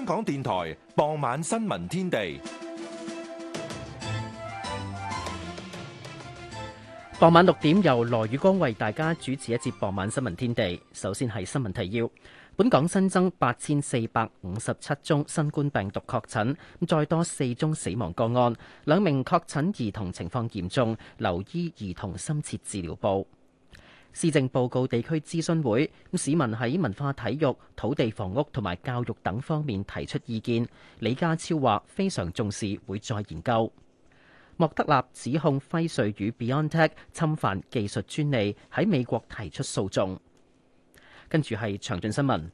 香港電台傍晚新聞天地。傍晚六點由羅宇光為大家主持一節傍晚新聞天地。首先係新聞提要，本港新增八千四百五十七宗新冠病毒確診，再多四宗死亡個案，兩名確診兒童情況嚴重，留醫兒童深切治療部。施政報告地區諮詢會，市民喺文化、體育、土地、房屋同埋教育等方面提出意見。李家超話非常重視，會再研究。莫德納指控輝瑞與 Biontech 侵犯技術專利，喺美國提出訴訟。跟住係詳盡新聞。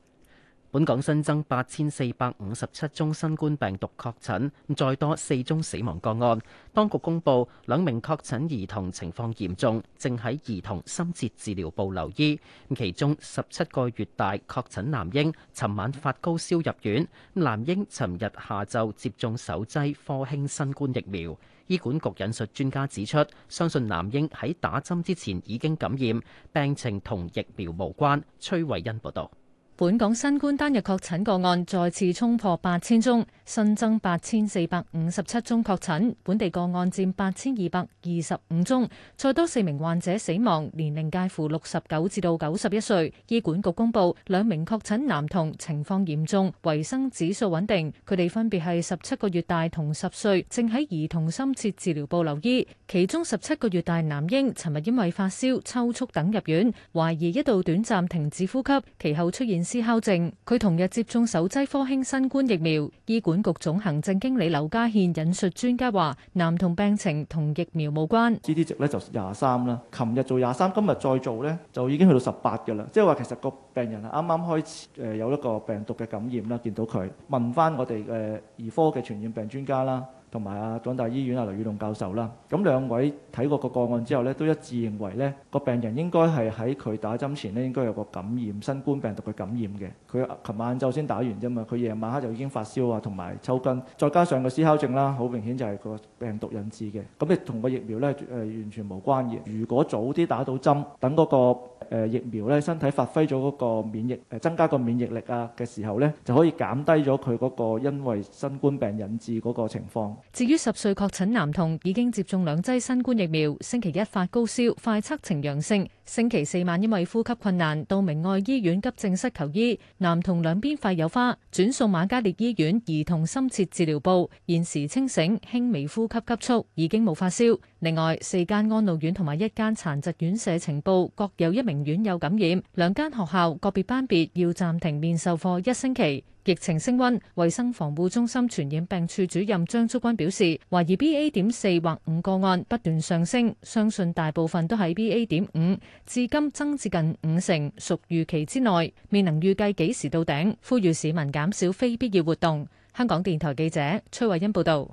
本港新增八千四百五十七宗新冠病毒確診，再多四宗死亡個案。當局公布兩名確診兒童情況嚴重，正喺兒童深切治療部留醫。其中十七個月大確診男嬰尋晚發高燒入院。男嬰尋日下晝接種首劑科興新冠疫苗。醫管局引述專家指出，相信男嬰喺打針之前已經感染，病情同疫苗無關。崔慧欣報道。本港新冠單日確診個案再次衝破八千宗，新增八千四百五十七宗確診，本地個案佔八千二百二十五宗，再多四名患者死亡，年齡介乎六十九至到九十一歲。醫管局公布，兩名確診男童情況嚴重，維生指數穩定，佢哋分別係十七個月大同十歲，正喺兒童深切治療部留醫，其中十七個月大男嬰尋日因為發燒、抽搐等入院，懷疑一度短暫停止呼吸，其後出現。施校正，佢同日接種首劑科興新冠疫苗。醫管局總行政經理劉家獻引述專家話，男童病情同疫苗無關。CT 值咧就廿三啦，琴日做廿三，今日再做咧就已經去到十八噶啦，即係話其實個病人係啱啱開始誒有一個病毒嘅感染啦。見到佢問翻我哋嘅兒科嘅傳染病專家啦。同埋啊，廣大醫院啊，劉宇隆教授啦，咁兩位睇過個個案之後咧，都一致認為咧，個病人應該係喺佢打針前咧，應該有個感染新冠病毒嘅感染嘅。佢琴晚晝先打完啫嘛，佢夜晚黑就已經發燒啊，同埋抽筋，再加上個思考症啦，好明顯就係個病毒引致嘅。咁誒同個疫苗咧誒、呃、完全冇關嘅。如果早啲打到針，等嗰、那個、呃、疫苗咧，身體發揮咗嗰個免疫誒、呃、增加個免疫力啊嘅時候咧，就可以減低咗佢嗰個因為新冠病毒引致嗰個情況。至於十歲確診男童已經接種兩劑新冠疫苗，星期一發高燒，快測呈陽性。星期四晚因為呼吸困難到明愛醫院急症室求醫，男童兩邊肺有花，轉送瑪嘉烈醫院兒童深切治療部，現時清醒，輕微呼吸急促，已經冇發燒。另外四間安老院同埋一間殘疾院舍情報，各有一名院友感染。兩間學校個別班別要暫停面授課一星期。疫情升溫，衛生防護中心傳染病處主任張竹君表示，懷疑 BA 點四或五個案不斷上升，相信大部分都係 BA 點五，至今增至近五成，屬預期之內，未能預計幾時到頂，呼籲市民減少非必要活動。香港電台記者崔慧欣報道。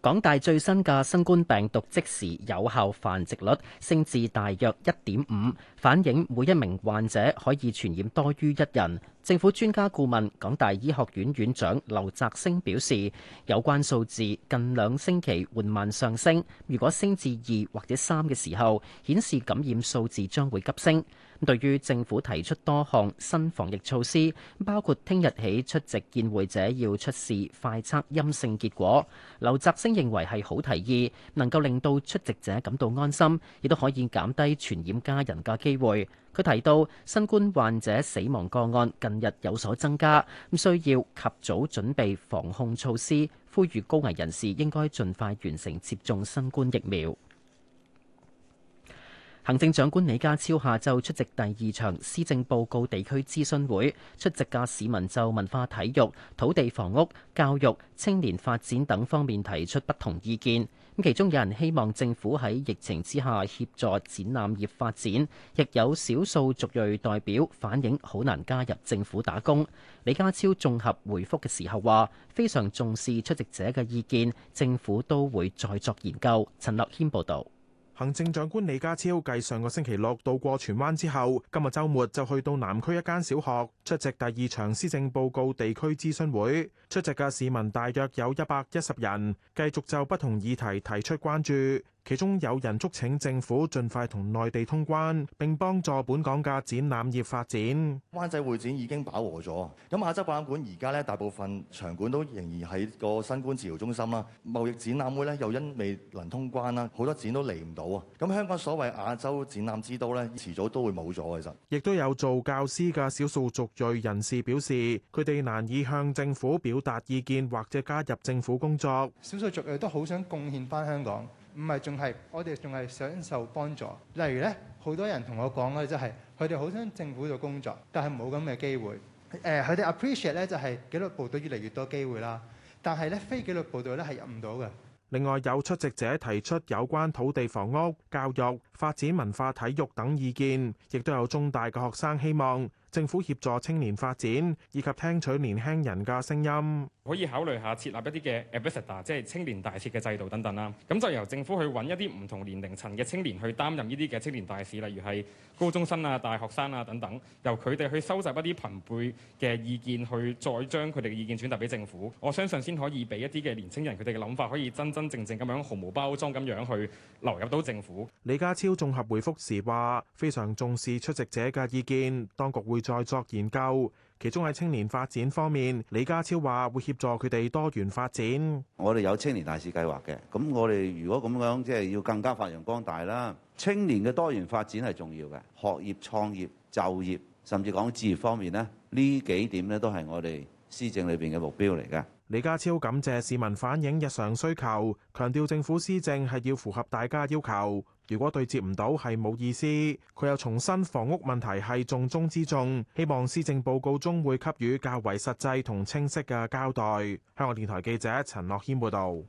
港大最新嘅新冠病毒即時有效繁殖率升至大約一點五，反映每一名患者可以傳染多於一人。政府專家顧問、港大醫學院院長劉澤星表示，有關數字近兩星期緩慢上升，如果升至二或者三嘅時候，顯示感染數字將會急升。對於政府提出多項新防疫措施，包括聽日起出席宴會者要出示快測陰性結果，劉澤星認為係好提議，能夠令到出席者感到安心，亦都可以減低傳染家人嘅機會。佢提到，新冠患者死亡個案近日有所增加，咁需要及早準備防控措施，呼籲高危人士應該盡快完成接種新冠疫苗。行政長官李家超下晝出席第二場施政報告地區諮詢會，出席嘅市民就文化體育、土地房屋、教育、青年發展等方面提出不同意見。咁其中有人希望政府喺疫情之下協助展覽業發展，亦有少數族裔代表反映好難加入政府打工。李家超綜合回復嘅時候話：非常重視出席者嘅意見，政府都會再作研究。陳樂謙報道。行政長官李家超繼上個星期六到過荃灣之後，今日週末就去到南區一間小學，出席第二場施政報告地區諮詢會，出席嘅市民大約有一百一十人，繼續就不同議題提出關注。其中有人促請政府盡快同內地通關，並幫助本港嘅展覽業發展。灣仔會展已經飽和咗，咁亞洲博覽館而家咧，大部分場館都仍然喺個新冠治療中心啦。貿易展覽會咧又因未能通關啦，好多展都嚟唔到。咁香港所謂亞洲展覽之都咧，遲早都會冇咗。其實亦都有做教師嘅少數族裔人士表示，佢哋難以向政府表達意見或者加入政府工作。少數族裔都好想貢獻翻香港。唔係仲係，我哋仲係享受幫助。例如咧，好多人同我講咧、就是，就係佢哋好想政府度工作，但係冇咁嘅機會。誒、呃，佢哋 appreciate 咧，就係、是、紀律部隊越嚟越多機會啦。但係咧，非紀律部隊咧係入唔到嘅。另外，有出席者提出有關土地、房屋、教育、發展、文化、體育等意見，亦都有中大嘅學生希望。政府協助青年發展，以及聽取年輕人嘅聲音，可以考慮下設立一啲嘅 ambassador，即係青年大使嘅制度等等啦。咁就由政府去揾一啲唔同年齡層嘅青年去擔任呢啲嘅青年大使，例如係高中生啊、大學生啊等等，由佢哋去收集一啲朋輩嘅意見，去再將佢哋嘅意見轉達俾政府。我相信先可以俾一啲嘅年輕人佢哋嘅諗法，可以真真正正咁樣毫無包裝咁樣去流入到政府。李家超綜合回覆時話：非常重視出席者嘅意見，當局會。再作研究，其中喺青年發展方面，李家超話會協助佢哋多元發展。我哋有青年大使計劃嘅，咁我哋如果咁樣即係、就是，要更加發揚光大啦，青年嘅多元發展係重要嘅，學業、創業、就業，甚至講置業方面咧，呢幾點咧都係我哋施政裏邊嘅目標嚟嘅。李家超感謝市民反映日常需求，強調政府施政係要符合大家要求。如果對接唔到係冇意思，佢又重申房屋問題係重中之重，希望施政報告中會給予較為實際同清晰嘅交代。香港電台記者陳樂軒報導。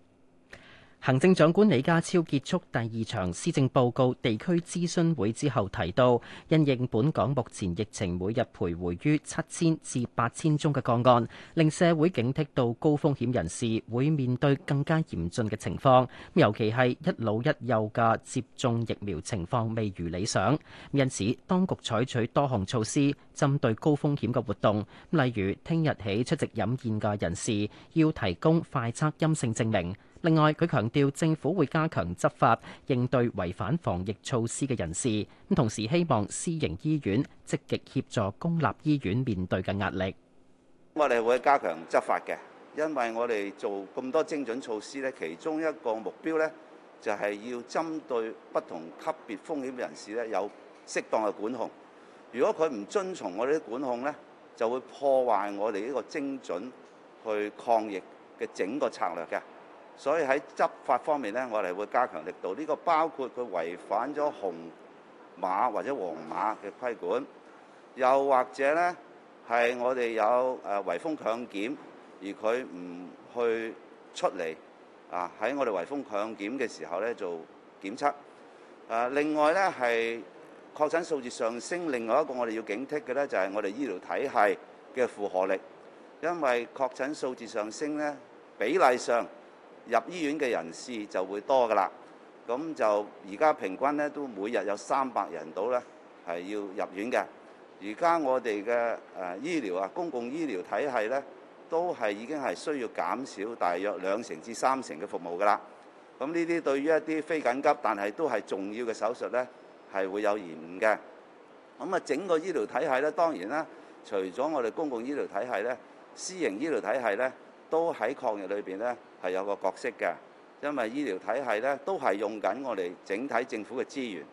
行政長官李家超結束第二場施政報告地區諮詢會之後，提到因應本港目前疫情每日徘徊於七千至八千宗嘅個案，令社會警惕到高風險人士會面對更加嚴峻嘅情況。咁尤其係一老一幼嘅接種疫苗情況未如理想，因此當局採取多項措施針對高風險嘅活動，例如聽日起出席飲宴嘅人士要提供快測陰性證明。另外，佢強調政府會加強執法，應對違反防疫措施嘅人士。咁同時希望私營醫院積極協助公立醫院面對嘅壓力。我哋會加強執法嘅，因為我哋做咁多精準措施呢，其中一個目標呢就係要針對不同級別風險嘅人士呢有適當嘅管控。如果佢唔遵從我哋啲管控呢，就會破壞我哋呢個精準去抗疫嘅整個策略嘅。所以喺執法方面咧，我哋會加強力度。呢個包括佢違反咗紅碼或者黃碼嘅規管，又或者咧係我哋有誒圍封強檢，而佢唔去出嚟啊，喺我哋圍封強檢嘅時候咧做檢測。誒，另外咧係確診數字上升，另外一個我哋要警惕嘅咧就係我哋醫療體系嘅負荷力，因為確診數字上升咧比例上。入醫院嘅人士就會多㗎啦，咁就而家平均咧都每日有三百人到咧係要入院嘅。而家我哋嘅誒醫療啊，公共醫療體系咧都係已經係需要減少大約兩成至三成嘅服務㗎啦。咁呢啲對於一啲非緊急但係都係重要嘅手術咧係會有延誤嘅。咁啊整個醫療體系咧，當然啦，除咗我哋公共醫療體系咧，私營醫療體系咧。都喺抗疫裏邊咧係有個角色嘅，因為醫療體系咧都係用緊我哋整體政府嘅資源，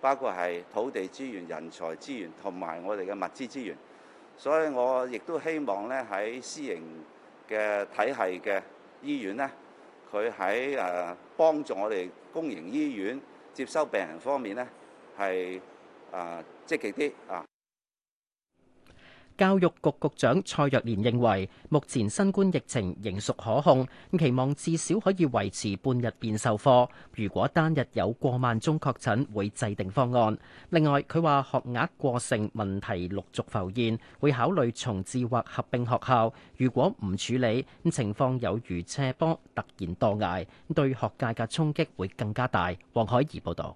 包括係土地資源、人才資源同埋我哋嘅物資資源。所以我亦都希望咧喺私營嘅體系嘅醫院咧，佢喺誒幫助我哋公營醫院接收病人方面咧係誒積極啲啊！教育局局長蔡若蓮認為，目前新冠疫情仍屬可控，期望至少可以維持半日變授課。如果單日有過萬宗確診，會制定方案。另外，佢話學額過剩問題陸續浮現，會考慮重置或合併學校。如果唔處理，咁情況有如斜坡突然墮崖，對學界嘅衝擊會更加大。黃海怡報道。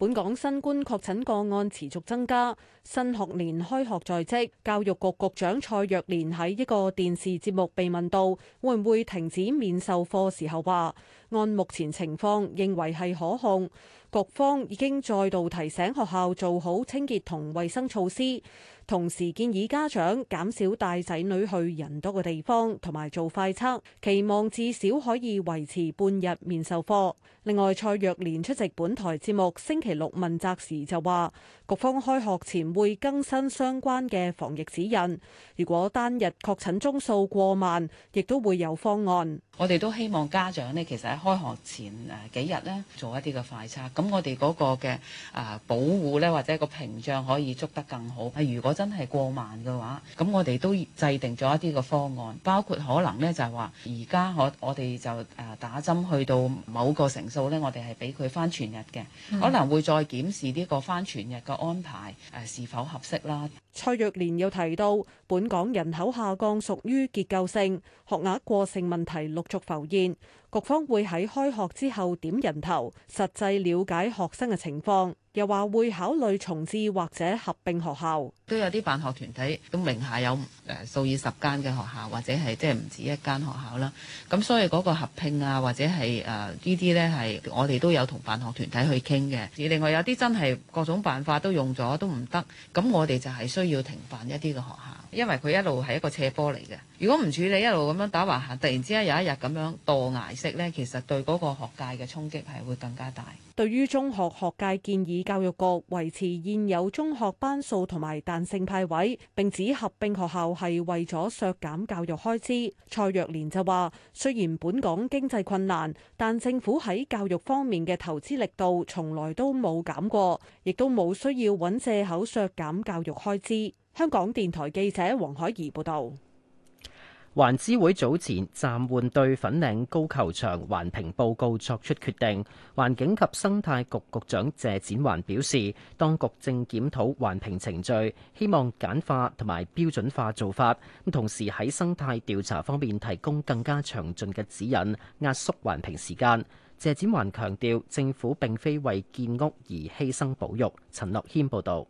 本港新冠確診個案持續增加，新學年開學在即，教育局局長蔡若蓮喺一個電視節目被問到會唔會停止面授課時候話，按目前情況認為係可控，局方已經再度提醒學校做好清潔同衛生措施。同時建議家長減少帶仔女去人多嘅地方，同埋做快測，期望至少可以維持半日面授課。另外，蔡若蓮出席本台節目星期六問責時就話，局方開學前會更新相關嘅防疫指引。如果單日確診宗數過萬，亦都會有方案。我哋都希望家長咧，其實喺開學前誒幾日咧，做一啲嘅快測，咁我哋嗰個嘅啊保護咧，或者個屏障可以捉得更好。如果真係過萬嘅話，咁我哋都制定咗一啲個方案，包括可能呢就係話，而家我我哋就誒打針去到某個成數呢，我哋係俾佢返全日嘅，可能會再檢視呢個返全日嘅安排誒是否合適啦。嗯、蔡若蓮又提到，本港人口下降屬於結構性學額過剩問題陸續浮現，局方會喺開學之後點人頭，實際了解學生嘅情況。又話會考慮重置或者合併學校，都有啲辦學團體咁名下有誒、呃、數以十間嘅學校，或者係即係唔止一間學校啦。咁所以嗰個合併啊，或者係誒呢啲呢，係我哋都有同辦學團體去傾嘅。而另外有啲真係各種辦法都用咗都唔得，咁我哋就係需要停辦一啲嘅學校，因為佢一路係一個斜坡嚟嘅。如果唔處理，一路咁樣打橫行，突然之間有一日咁樣墮崖式呢，其實對嗰個學界嘅衝擊係會更加大。對於中學學界建議教育局維持現有中學班數同埋彈性派位，並指合併學校係為咗削減教育開支。蔡若蓮就話：雖然本港經濟困難，但政府喺教育方面嘅投資力度從來都冇減過，亦都冇需要揾借口削減教育開支。香港電台記者黃海怡報導。環諮會早前暫緩對粉嶺高球場環評報告作出決定。環境及生態局局長謝展環表示，當局正檢討環評程序，希望簡化同埋標準化做法，同時喺生態調查方面提供更加詳盡嘅指引，壓縮環評時間。謝展環強調，政府並非為建屋而犧牲保育。陳樂軒報導。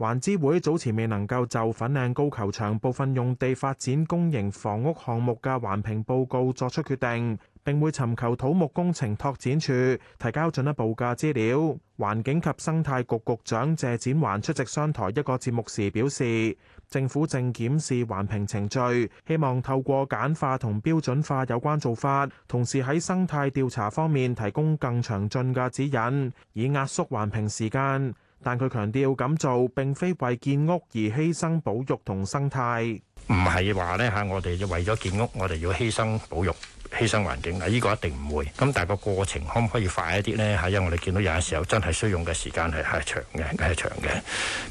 環諮會早前未能夠就粉嶺高球場部分用地發展公營房屋項目嘅環評報告作出決定，並會尋求土木工程拓展處提交進一步嘅資料。環境及生態局局長謝展寰出席商台一個節目時表示，政府正檢視環評程序，希望透過簡化同標準化有關做法，同時喺生態調查方面提供更詳盡嘅指引，以壓縮環評時間。但佢強調咁做並非為建屋而犧牲保育同生態，唔係話咧嚇，我哋就為咗建屋，我哋要犧牲保育。犧牲環境啊！呢個一定唔會咁，但係個過程可唔可以快一啲呢？嚇，因為我哋見到有陣時候真係需用嘅時間係係長嘅，係長嘅。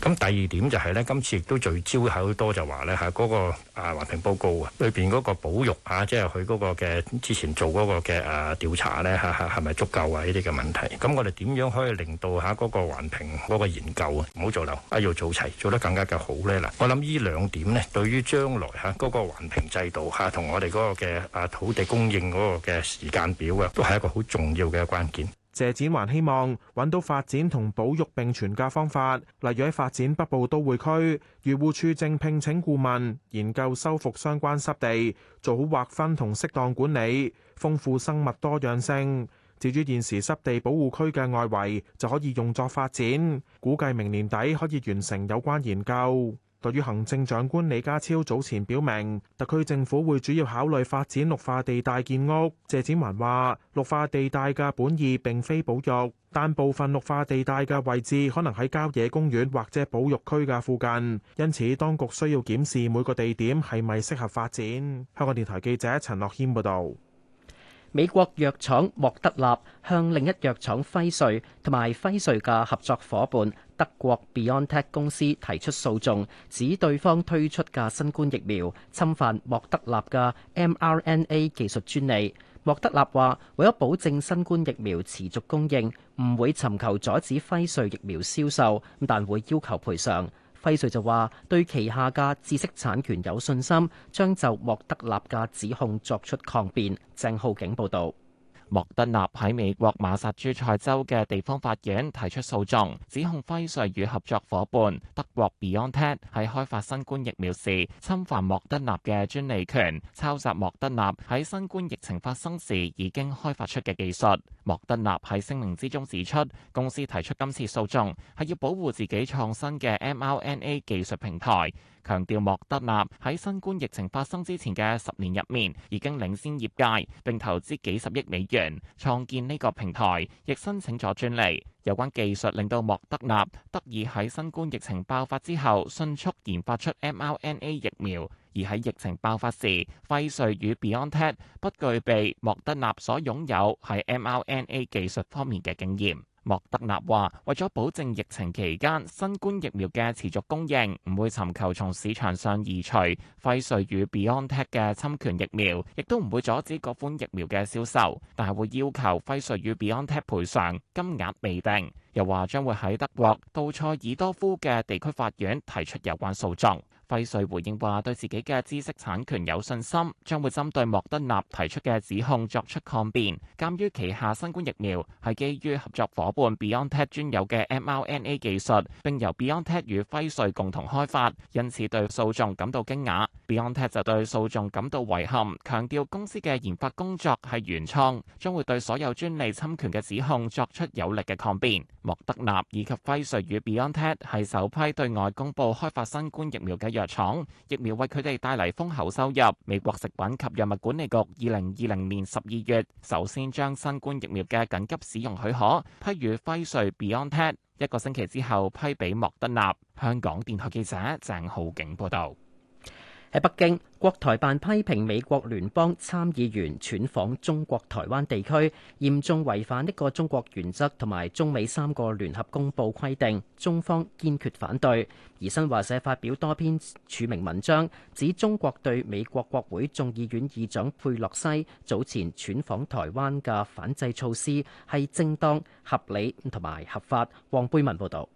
咁第二點就係呢，今次亦都聚焦喺好多就話呢，嚇嗰個啊環評報告啊，裏邊嗰個保育啊，即係佢嗰個嘅之前做嗰個嘅啊調查呢，嚇係咪足夠啊？呢啲嘅問題，咁我哋點樣可以令到嚇嗰個環評嗰個研究啊唔好做漏，啊要做齊，做得更加嘅好呢？嗱，我諗呢兩點呢，對於將來嚇嗰個環評制度嚇同我哋嗰個嘅啊土地公應嗰個嘅時間表啊，都係一個好重要嘅關鍵。謝展寰希望揾到發展同保育並存嘅方法，例如喺發展北部都會區，漁護處正聘請顧問研究修復相關濕地，做好劃分同適當管理，豐富生物多樣性。至於現時濕地保護區嘅外圍，就可以用作發展。估計明年底可以完成有關研究。對於行政長官李家超早前表明，特區政府會主要考慮發展綠化地帶建屋。謝展環話：綠化地帶嘅本意並非保育，但部分綠化地帶嘅位置可能喺郊野公園或者保育區嘅附近，因此當局需要檢視每個地點係咪適合發展。香港電台記者陳樂軒報導。美國藥廠莫德納向另一藥廠輝瑞同埋輝瑞嘅合作伙伴。德國 BioNTech 公司提出訴訟，指對方推出嘅新冠疫苗侵犯莫德納嘅 mRNA 技術專利。莫德納話為咗保證新冠疫苗持續供應，唔會尋求阻止輝瑞疫苗銷售，但會要求賠償。輝瑞就話對旗下嘅知識產權有信心，將就莫德納嘅指控作出抗辯。鄭浩景報道。莫德納喺美國馬薩諸塞州嘅地方法院提出訴訟，指控輝瑞與合作夥伴德國 BioNTech 喺開發新冠疫苗時侵犯莫德納嘅專利權，抄襲莫德納喺新冠疫情發生時已經開發出嘅技術。莫德納喺聲明之中指出，公司提出今次訴訟係要保護自己創新嘅 mRNA 技術平台。強調莫德納喺新冠疫情發生之前嘅十年入面已經領先業界，並投資幾十億美元創建呢個平台，亦申請咗專利。有關技術令到莫德納得以喺新冠疫情爆發之後迅速研發出 mRNA 疫苗，而喺疫情爆發時，輝瑞與 BioNTech 不具備莫德納所擁有喺 mRNA 技術方面嘅經驗。莫德納話：為咗保證疫情期間新冠疫苗嘅持續供應，唔會尋求從市場上移除輝瑞與 BioNTech 嘅侵權疫苗，亦都唔會阻止嗰款疫苗嘅銷售，但係會要求輝瑞與 BioNTech 賠償，金額未定。又話將會喺德國杜塞爾多夫嘅地區法院提出有關訴訟。輝瑞回應話，對自己嘅知識產權有信心，將會針對莫德納提出嘅指控作出抗辯。鑒於旗下新冠疫苗係基於合作夥伴 Biontech 專有嘅 mRNA 技術，並由 Biontech 與輝瑞共同開發，因此對訴訟感到驚訝。Biontech 就對訴訟感到遺憾，強調公司嘅研發工作係原創，將會對所有專利侵權嘅指控作出有力嘅抗辯。莫德納以及輝瑞與 Biontech 係首批對外公布開發新冠疫苗嘅藥藥廠疫苗為佢哋帶嚟豐厚收入。美國食品及藥物管理局二零二零年十二月首先將新冠疫苗嘅緊急使用許可批予輝瑞 BioNTech，一個星期之後批俾莫德納。香港電台記者鄭浩景報道。喺北京，國台辦批評美國聯邦參議員竄訪中國台灣地區，嚴重違反一個中國原則同埋中美三個聯合公報規定，中方堅決反對。而新華社發表多篇署名文章，指中國對美國國會眾議院議長佩洛西早前竄訪台灣嘅反制措施係正當、合理同埋合法。黃貝文報道。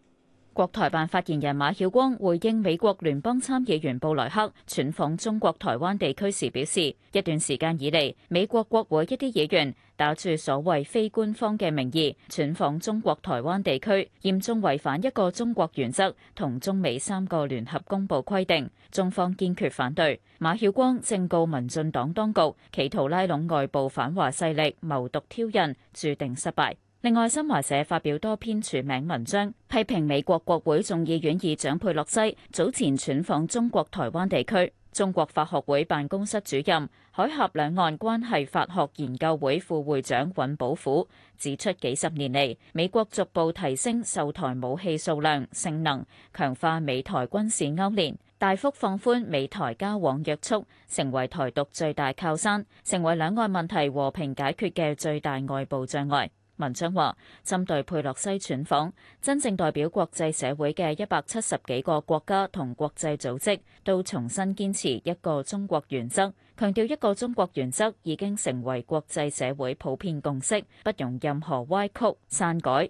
國台辦發言人馬曉光回應美國聯邦參議員布萊克竄訪中國台灣地區時表示：一段時間以嚟，美國國會一啲議員打住所謂非官方嘅名義竄訪中國台灣地區，嚴重違反一個中國原則同中美三個聯合公報規定，中方堅決反對。馬曉光正告民進黨當局，企圖拉攏外部反華勢力謀獨挑釁，注定失敗。另外，新華社發表多篇署名文章，批評美國國會眾議院議長佩洛西早前竄訪中國台灣地區，中國法學會辦公室主任、海峽兩岸關係法學研究會副會長尹寶虎指出，幾十年嚟，美國逐步提升售台武器數量、性能，強化美台軍事勾連，大幅放寬美台交往約束，成為台獨最大靠山，成為兩岸問題和平解決嘅最大外部障礙。文章話：針對佩洛西竄訪，真正代表國際社會嘅一百七十幾個國家同國際組織都重新堅持一個中國原則，強調一個中國原則已經成為國際社會普遍共識，不容任何歪曲、篡改。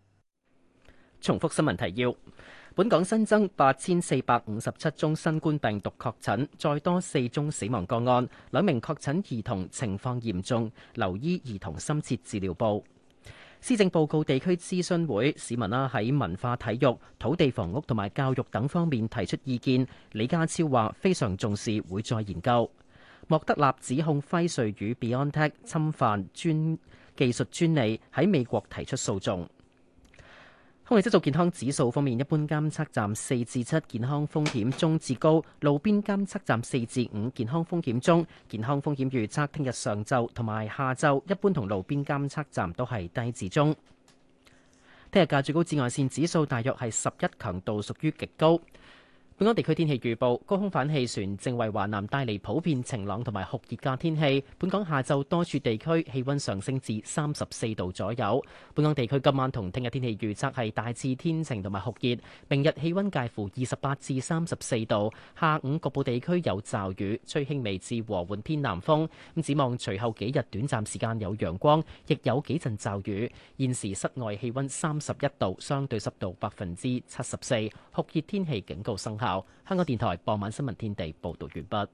重複新聞提要：本港新增八千四百五十七宗新冠病毒確診，再多四宗死亡個案，兩名確診兒童情況嚴重，留醫兒童深切治療部。施政報告地區諮詢會，市民啦喺文化、體育、土地、房屋同埋教育等方面提出意見。李家超話非常重視，會再研究。莫德納指控輝瑞與 BioNTech 侵犯專技術專利，喺美國提出訴訟。空氣質素健康指數方面，一般監測站四至七，健康風險中至高，路邊監測站四至五，健康風險中，健康風險預測聽日上晝同埋下晝一般同路邊監測站都係低至中。聽日嘅最高紫外線指數大約係十一，強度屬於極高。本港地區天氣預報：高空反氣旋正為華南帶嚟普遍晴朗同埋酷熱嘅天氣。本港下晝多處地區氣温上升至三十四度左右。本港地區今晚同聽日天氣預測係大致天晴同埋酷熱，明日氣温介乎二十八至三十四度。下午局部地區有驟雨，吹輕微至和緩偏南風。咁指望隨後幾日短暫時間有陽光，亦有幾陣驟雨。現時室外氣温三十一度，相對濕度百分之七十四，酷熱天氣警告生效。香港電台傍晚新聞天地報道完畢。